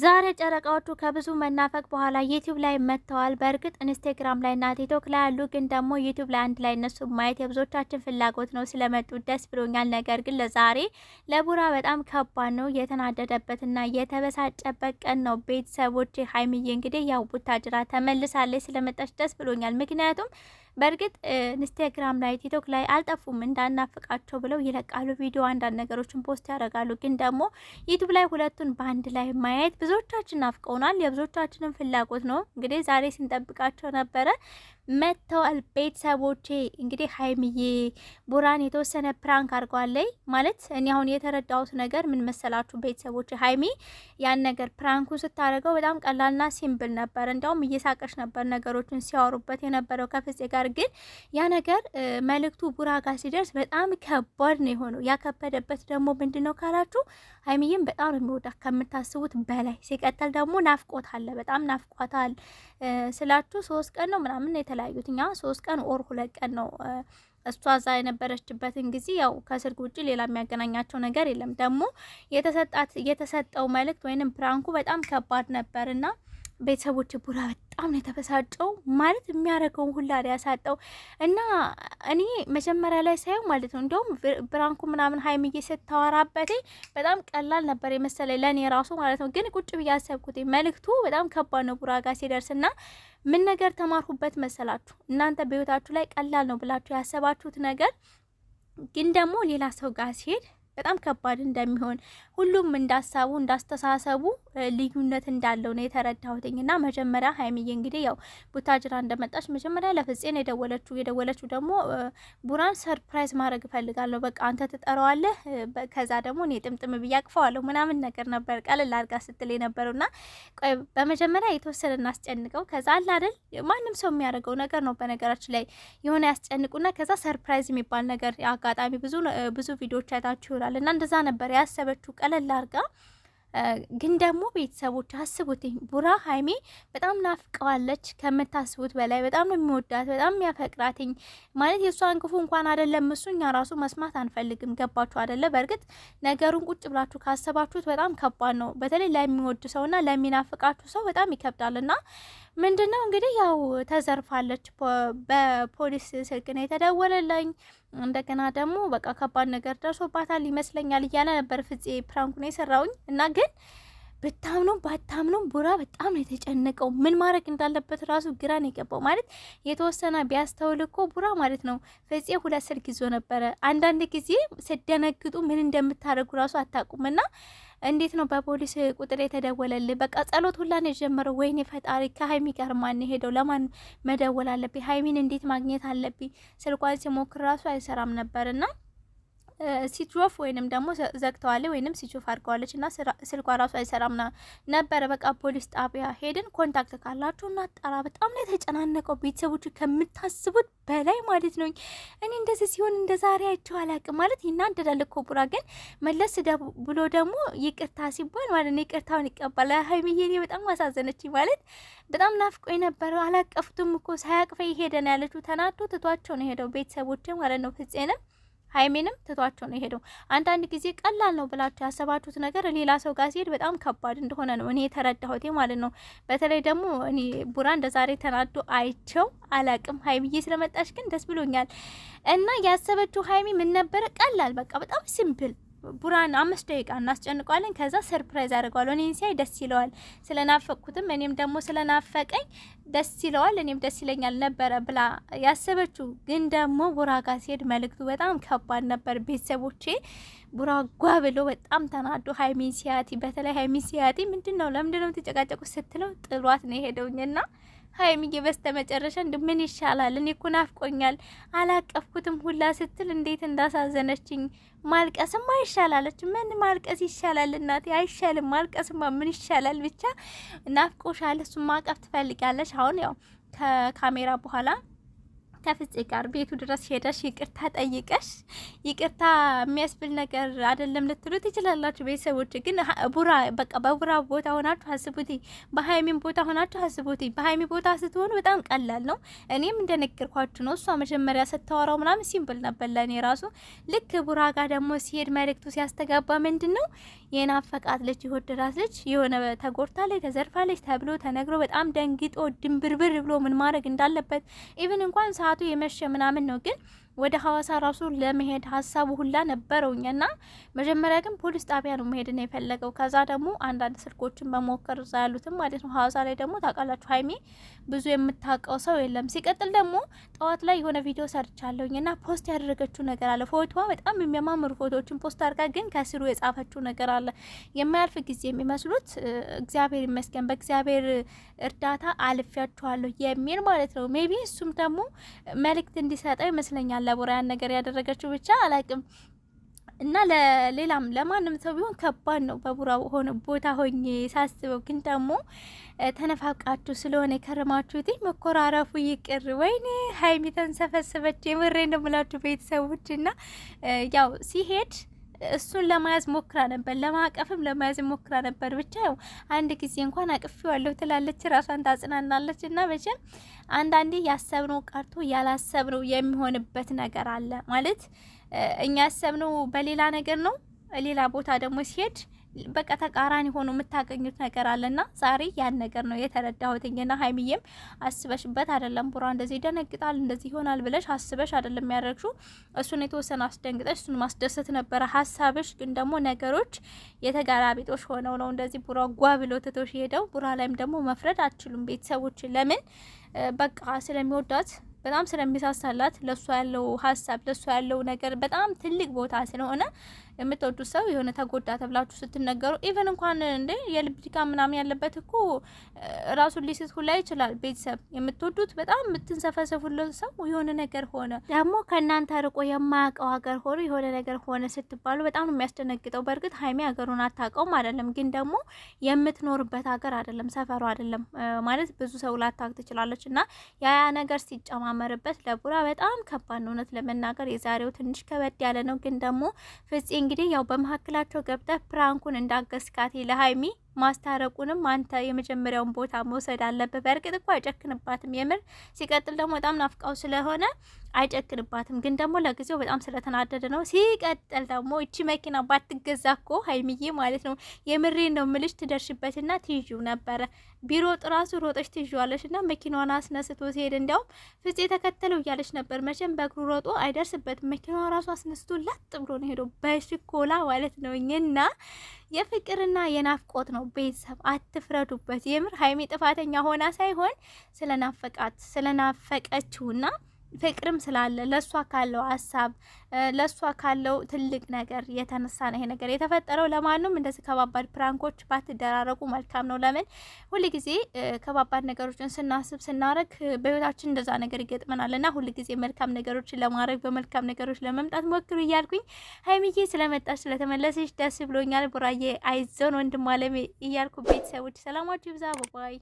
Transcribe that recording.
ዛሬ ጨረቃዎቹ ከብዙ መናፈቅ በኋላ ዩቲዩብ ላይ መጥተዋል። በእርግጥ ኢንስታግራም ላይ እና ቲክቶክ ላይ ያሉ ግን ደግሞ ዩቲዩብ ላይ አንድ ላይ እነሱ ማየት የብዙዎቻችን ፍላጎት ነው። ስለመጡ ደስ ብሎኛል። ነገር ግን ለዛሬ ለቡራ በጣም ከባድ ነው። የተናደደበትና የተበሳጨበት ቀን ነው። ቤተሰቦች ሀይሚዬ እንግዲህ ያው ቡታጅራ ተመልሳለች። ስለመጣች ደስ ብሎኛል። ምክንያቱም በእርግጥ ኢንስታግራም ላይ ቲክቶክ ላይ አልጠፉም እንዳናፍቃቸው ብለው ይለቃሉ ቪዲዮ፣ አንዳንድ ነገሮችን ፖስት ያደርጋሉ። ግን ደግሞ ዩቱብ ላይ ሁለቱን በአንድ ላይ ማየት ብዙዎቻችን ናፍቀውናል፣ የብዙዎቻችንም ፍላጎት ነው። እንግዲህ ዛሬ ስንጠብቃቸው ነበረ። መጥተዋል ቤተሰቦቼ። እንግዲህ ሀይምዬ ቡራን የተወሰነ ፕራንክ አድርጓለይ ማለት እኔ አሁን የተረዳሁት ነገር ምን መሰላችሁ ቤተሰቦች፣ ሀይሚ ያን ነገር ፕራንኩ ስታደርገው በጣም ቀላልና ሲምብል ነበር። እንዲያውም እየሳቀች ነበር ነገሮችን ሲያወሩበት የነበረው ከፍጼ ጋር። ግን ያ ነገር መልእክቱ ቡራ ጋር ሲደርስ በጣም ከባድ ነው የሆነው። ያከበደበት ደግሞ ምንድን ነው ካላችሁ ሀይሚዬም በጣም ነው የሚወዳት ከምታስቡት በላይ። ሲቀጥል ደግሞ ናፍቆት አለ፣ በጣም ናፍቋታል ስላችሁ ሶስት ቀን ነው ምናምን የተለ የተለያዩት። እኛ ሶስት ቀን ኦር ሁለት ቀን ነው እሷ እዛ የነበረችበትን ጊዜ ያው ከስልክ ውጭ ሌላ የሚያገናኛቸው ነገር የለም። ደግሞ የተሰጣት የተሰጠው መልእክት ወይንም ፕራንኩ በጣም ከባድ ነበር እና ቤተሰቦች ቡራ በጣም ነው የተበሳጨው። ማለት የሚያደርገውን ሁላ ያሳጠው እና እኔ መጀመሪያ ላይ ሳየው ማለት ነው እንዲሁም ብራንኩ ምናምን ሀይምዬ ስታወራበት በጣም ቀላል ነበር የመሰለ ለእኔ ራሱ ማለት ነው። ግን ቁጭ ብዬ አሰብኩት መልእክቱ በጣም ከባድ ነው ቡራ ጋር ሲደርስ እና ምን ነገር ተማርሁበት መሰላችሁ እናንተ በህይወታችሁ ላይ ቀላል ነው ብላችሁ ያሰባችሁት ነገር ግን ደግሞ ሌላ ሰው ጋር ሲሄድ በጣም ከባድ እንደሚሆን ሁሉም እንዳሳቡ እንዳስተሳሰቡ ልዩነት እንዳለው ነው የተረዳሁትኝ። እና መጀመሪያ ሀይሚዬ እንግዲህ ያው ቡታጅራ እንደመጣች መጀመሪያ ለፍፄን የደወለችው የደወለችው ደግሞ ቡራን ሰርፕራይዝ ማድረግ እፈልጋለሁ፣ በቃ አንተ ትጠራዋለህ፣ ከዛ ደግሞ እኔ ጥምጥም ብዬ አቅፈዋለሁ ምናምን ነገር ነበር ቀለል አድርጋ ስትል የነበረው እና ቆይ በመጀመሪያ የተወሰነ እናስጨንቀው፣ ከዛ አለ አይደል ማንም ሰው የሚያደርገው ነገር ነው በነገራችን ላይ የሆነ ያስጨንቁና ከዛ ሰርፕራይዝ የሚባል ነገር አጋጣሚ ብዙ ብዙ ቪዲዮዎች አይታችሁ ይሆናል ይችላል። እና እንደዛ ነበር ያሰበችው ቀለል አርጋ። ግን ደግሞ ቤተሰቦች አስቡት፣ ቡራ ሀይሜ በጣም ናፍቀዋለች ከምታስቡት በላይ በጣም ነው የሚወዳት፣ በጣም የሚያፈቅራትኝ ማለት የእሷን ክፉ እንኳን አደለም እሱ እኛ ራሱ መስማት አንፈልግም። ገባችሁ አደለ? በእርግጥ ነገሩን ቁጭ ብላችሁ ካሰባችሁት በጣም ከባድ ነው። በተለይ ለሚወድ ሰውና ለሚናፍቃችሁ ሰው በጣም ይከብዳል እና ምንድነው እንግዲህ ያው ተዘርፋለች። በፖሊስ ስልክ ነው የተደወለለኝ። እንደገና ደግሞ በቃ ከባድ ነገር ደርሶባታል ይመስለኛል እያለ ነበር ፍፄ ፕራንኩ ነው የሰራውኝ እና ግን ብታምኖም ባታምኖም ቡራ በጣም ነው የተጨነቀው። ምን ማድረግ እንዳለበት ራሱ ግራ ነው የገባው። ማለት የተወሰነ ቢያስተውል እኮ ቡራ ማለት ነው። ፍፄ ሁለት ስልክ ይዞ ነበረ። አንዳንድ ጊዜ ስደነግጡ ምን እንደምታደርጉ ራሱ አታውቁምና እንዴት ነው በፖሊስ ቁጥር የተደወለልህ? በቃ ጸሎት ሁላን የጀመረው። ወይኔ ፈጣሪ፣ ከሀይሚ ጋር ማን ሄደው? ለማን መደወል አለብኝ? ሀይሚን እንዴት ማግኘት አለብኝ? ስልኳን ሲሞክር ራሱ አይሰራም ነበርና ሲትሮፍ ወይንም ደግሞ ዘግተዋለች ወይንም ሲችፍ አድርገዋለች እና ስልኳ ራሱ አይሰራም ነበረ። በቃ ፖሊስ ጣቢያ ሄድን። ኮንታክት ካላችሁ እና ጣራ በጣም ነው የተጨናነቀው ቤተሰቦቹ ከምታስቡት በላይ ማለት ነው። እኔ እንደዚህ ሲሆን እንደ ዛሬ አይቼው አላውቅም። ማለት ይናደዳል እኮ ቡራ፣ ግን መለስ ብሎ ደግሞ ይቅርታ ሲባል ማለት ነው ይቅርታውን ይቀባል። ሀይሚዬ እኔ በጣም አሳዘነች ማለት በጣም ናፍቆ ነበረ። አላቀፍቱም እኮ ሳያቅፈ ይሄደን ያለችው ተናዶ ትቷቸው ነው ሄደው ቤተሰቦች ማለት ነው ፍጼንም ሀይሜንም ትቷቸው ነው የሄደው። አንዳንድ ጊዜ ቀላል ነው ብላችሁ ያሰባችሁት ነገር ሌላ ሰው ጋር ሲሄድ በጣም ከባድ እንደሆነ ነው እኔ የተረዳሁት ማለት ነው። በተለይ ደግሞ እኔ ቡራ እንደ ዛሬ ተናዶ አይቸው አላቅም። ሀይሚዬ ስለመጣሽ ግን ደስ ብሎኛል። እና ያሰበችው ሀይሚ ምን ነበረ? ቀላል በቃ በጣም ሲምፕል ቡራን አምስት ደቂቃ እናስጨንቀዋለን። ከዛ ሰርፕራይዝ አድርገዋለሁ። እኔን ሲያይ ደስ ይለዋል። ስለናፈቅኩትም እኔም ደግሞ ስለናፈቀኝ ደስ ይለዋል፣ እኔም ደስ ይለኛል ነበረ ብላ ያሰበችው ግን ደግሞ ቡራ ጋር ሲሄድ መልእክቱ በጣም ከባድ ነበር። ቤተሰቦቼ ቡራ ጓ ብሎ በጣም ተናዶ ሀይሚን ሲያቲ፣ በተለይ ሀይሚን ሲያቲ ምንድን ነው ለምንድን ነው የምትጨቃጨቁት ስትለው ጥሏት ነው የሄደውኝና ሀይሚዬ በስተመጨረሻ እንደ ምን ይሻላል እኔ እኮ ናፍቆኛል አላቀፍኩትም ሁላ ስትል እንዴት እንዳሳዘነችኝ። ማልቀስማ ይሻላለች። ምን ማልቀስ ይሻላል እናቴ? አይሻልም። ማልቀስማ ምን ይሻላል? ብቻ ናፍቆሻል። እሱ ማቀፍ ትፈልጋለች። አሁን ያው ከካሜራ በኋላ ከፍፄ ጋር ቤቱ ድረስ ሄደሽ ይቅርታ ጠይቀሽ ይቅርታ የሚያስብል ነገር አይደለም ልትሉ ትችላላችሁ። ቤተሰቦች ግን ቡራ በቃ በቡራ ቦታ ሆናችሁ አስቡት፣ በሀይሚን ቦታ ሆናችሁ አስቡት። በሀይሚ ቦታ ስትሆኑ በጣም ቀላል ነው። እኔም እንደነገርኳችሁ ነው። እሷ መጀመሪያ ስታወራው ምናምን ሲምብል ነበር ለእኔ ራሱ። ልክ ቡራ ጋር ደግሞ ሲሄድ መልእክቱ ሲያስተጋባ ምንድን ነው የናፈቃት ልጅ የወደዳት ልጅ የሆነ ተጎድታለች፣ ተዘርፋለች ተብሎ ተነግሮ በጣም ደንግጦ ድንብርብር ብሎ ምን ማድረግ እንዳለበት ኢቭን እንኳን ሰዓቱ የመሸ ምናምን ነው ግን ወደ ሀዋሳ ራሱ ለመሄድ ሀሳቡ ሁላ ነበረውኝ እና መጀመሪያ ግን ፖሊስ ጣቢያ ነው መሄድ ነው የፈለገው። ከዛ ደግሞ አንዳንድ ስልኮችን በሞከር እዛ ያሉትም ማለት ነው። ሀዋሳ ላይ ደግሞ ታውቃላችሁ ሀይሚ ብዙ የምታውቀው ሰው የለም። ሲቀጥል ደግሞ ጠዋት ላይ የሆነ ቪዲዮ ሰርቻለሁኝ ና ፖስት ያደረገችው ነገር አለ። ፎቶዋ በጣም የሚያማምሩ ፎቶዎችን ፖስት አድርጋ ግን ከስሩ የጻፈችው ነገር አለ። የማያልፍ ጊዜ የሚመስሉት እግዚአብሔር ይመስገን በእግዚአብሔር እርዳታ አልፊያችኋለሁ የሚል ማለት ነው። ሜቢ እሱም ደግሞ መልእክት እንዲሰጠው ይመስለኛል ለቡራያን ነገር ያደረገችው ብቻ አላቅም እና ለሌላም ለማንም ሰው ቢሆን ከባድ ነው። በቡራ ሆነ ቦታ ሆኜ ሳስበው ግን ደግሞ ተነፋቃችሁ ስለሆነ የከረማችሁት መኮራረፉ ይቅር። ወይኔ ሀይሚ ተንሰፈሰበች። የምሬ ነው የምላችሁ ቤተሰቦች እና ያው ሲሄድ እሱን ለመያዝ ሞክራ ነበር፣ ለማቀፍም ለመያዝ ሞክራ ነበር። ብቻ ያው አንድ ጊዜ እንኳን አቅፌዋለሁ ትላለች፣ ራሷን ታጽናናለች። እና መቼም አንዳንዴ ያሰብነው ቀርቶ ያላሰብነው የሚሆንበት ነገር አለ ማለት እኛ ያሰብነው በሌላ ነገር ነው፣ ሌላ ቦታ ደግሞ ሲሄድ በቃ ተቃራኒ ሆኖ የምታገኙት ነገር አለና ዛሬ ያን ነገር ነው የተረዳሁትኝና ሀይሚዬም አስበሽበት አይደለም። ቡራ እንደዚህ ይደነግጣል እንደዚህ ይሆናል ብለሽ አስበሽ አይደለም የሚያደርግሽው እሱን የተወሰነ አስደንግጠሽ እሱን ማስደሰት ነበረ ሀሳብሽ። ግን ደግሞ ነገሮች የተጋራቢጦሽ ሆነው ነው እንደዚህ ቡራ ጓ ብሎ ትቶሽ ሄደው። ቡራ ላይም ደግሞ መፍረድ አትችሉም ቤተሰቦች። ለምን በቃ ስለሚወዳት በጣም ስለሚሳሳላት ለእሷ ያለው ሀሳብ ለእሷ ያለው ነገር በጣም ትልቅ ቦታ ስለሆነ የምትወዱት ሰው የሆነ ተጎዳ ተብላችሁ ስትነገሩ ኢቨን እንኳን እንደ የልብ ድካም ምናምን ያለበት እኮ ራሱን ሊስት ሁላ ይችላል። ቤተሰብ የምትወዱት በጣም የምትንሰፈሰፉለት ሰው የሆነ ነገር ሆነ፣ ደግሞ ከእናንተ ርቆ የማያውቀው ሀገር ሆኖ የሆነ ነገር ሆነ ስትባሉ በጣም ነው የሚያስደነግጠው። በእርግጥ ሀይሜ ሀገሩን አታውቀውም አይደለም፣ ግን ደግሞ የምትኖርበት ሀገር አይደለም፣ ሰፈሩ አይደለም ማለት ብዙ ሰው ላታውቅ ትችላለች። እና ያያ ነገር ሲጨማመርበት ለቡራ በጣም ከባድ ነው እውነት ለመናገር የዛሬው ትንሽ ከበድ ያለ ነው፣ ግን ደግሞ ፍፄ እንግዲህ ያው በመካከላቸው ገብተህ ፕራንኩን እንዳገስካት ለሀይሚ ማስታረቁንም አንተ የመጀመሪያውን ቦታ መውሰድ አለብህ። በእርግጥ እኮ አይጨክንባትም የምር ሲቀጥል ደግሞ በጣም ናፍቃው ስለሆነ አይጨክንባትም፣ ግን ደግሞ ለጊዜው በጣም ስለተናደደ ነው። ሲቀጥል ደግሞ እቺ መኪና ባትገዛ ኮ ሀይሚዬ ማለት ነው የምሬ ነው ምልሽ ትደርሽበትና ትይዩ ነበረ ቢሮ ጥራሱ ሮጠች ትይዋለሽ እና መኪናዋን አስነስቶ ሲሄድ እንዲያውም ፍጽ ተከተለው እያለች ነበር። መቼም በእግሩ ሮጦ አይደርስበትም። መኪናዋ ራሱ አስነስቶ ለጥ ብሎ ነው ሄዶ በሽኮላ ማለት ነው እና የፍቅርና የናፍቆት ነው ነው። ቤተሰብ አትፍረዱበት። የምር ሀይሚ ጥፋተኛ ሆና ሳይሆን ስለናፈቃት ስለናፈቀችውና ፍቅርም ስላለ ለእሷ ካለው ሀሳብ ለእሷ ካለው ትልቅ ነገር የተነሳ ነው ይሄ ነገር የተፈጠረው። ለማንም እንደዚህ ከባባድ ፕራንኮች ባትደራረጉ መልካም ነው። ለምን ጊዜ ከባባድ ነገሮችን ስናስብ ስናረግ በህይወታችን እንደዛ ነገር ይገጥመናል እና ጊዜ መልካም ነገሮችን ለማድረግ በመልካም ነገሮች ለመምጣት ሞክሩ እያልኩኝ ሀይሚዬ ስለመጣች ስለተመለሰች ደስ ብሎኛል። ቡራዬ አይዞን ወንድም እያልኩ ቤተሰቦች ሰላማችሁ ይብዛ። ባይ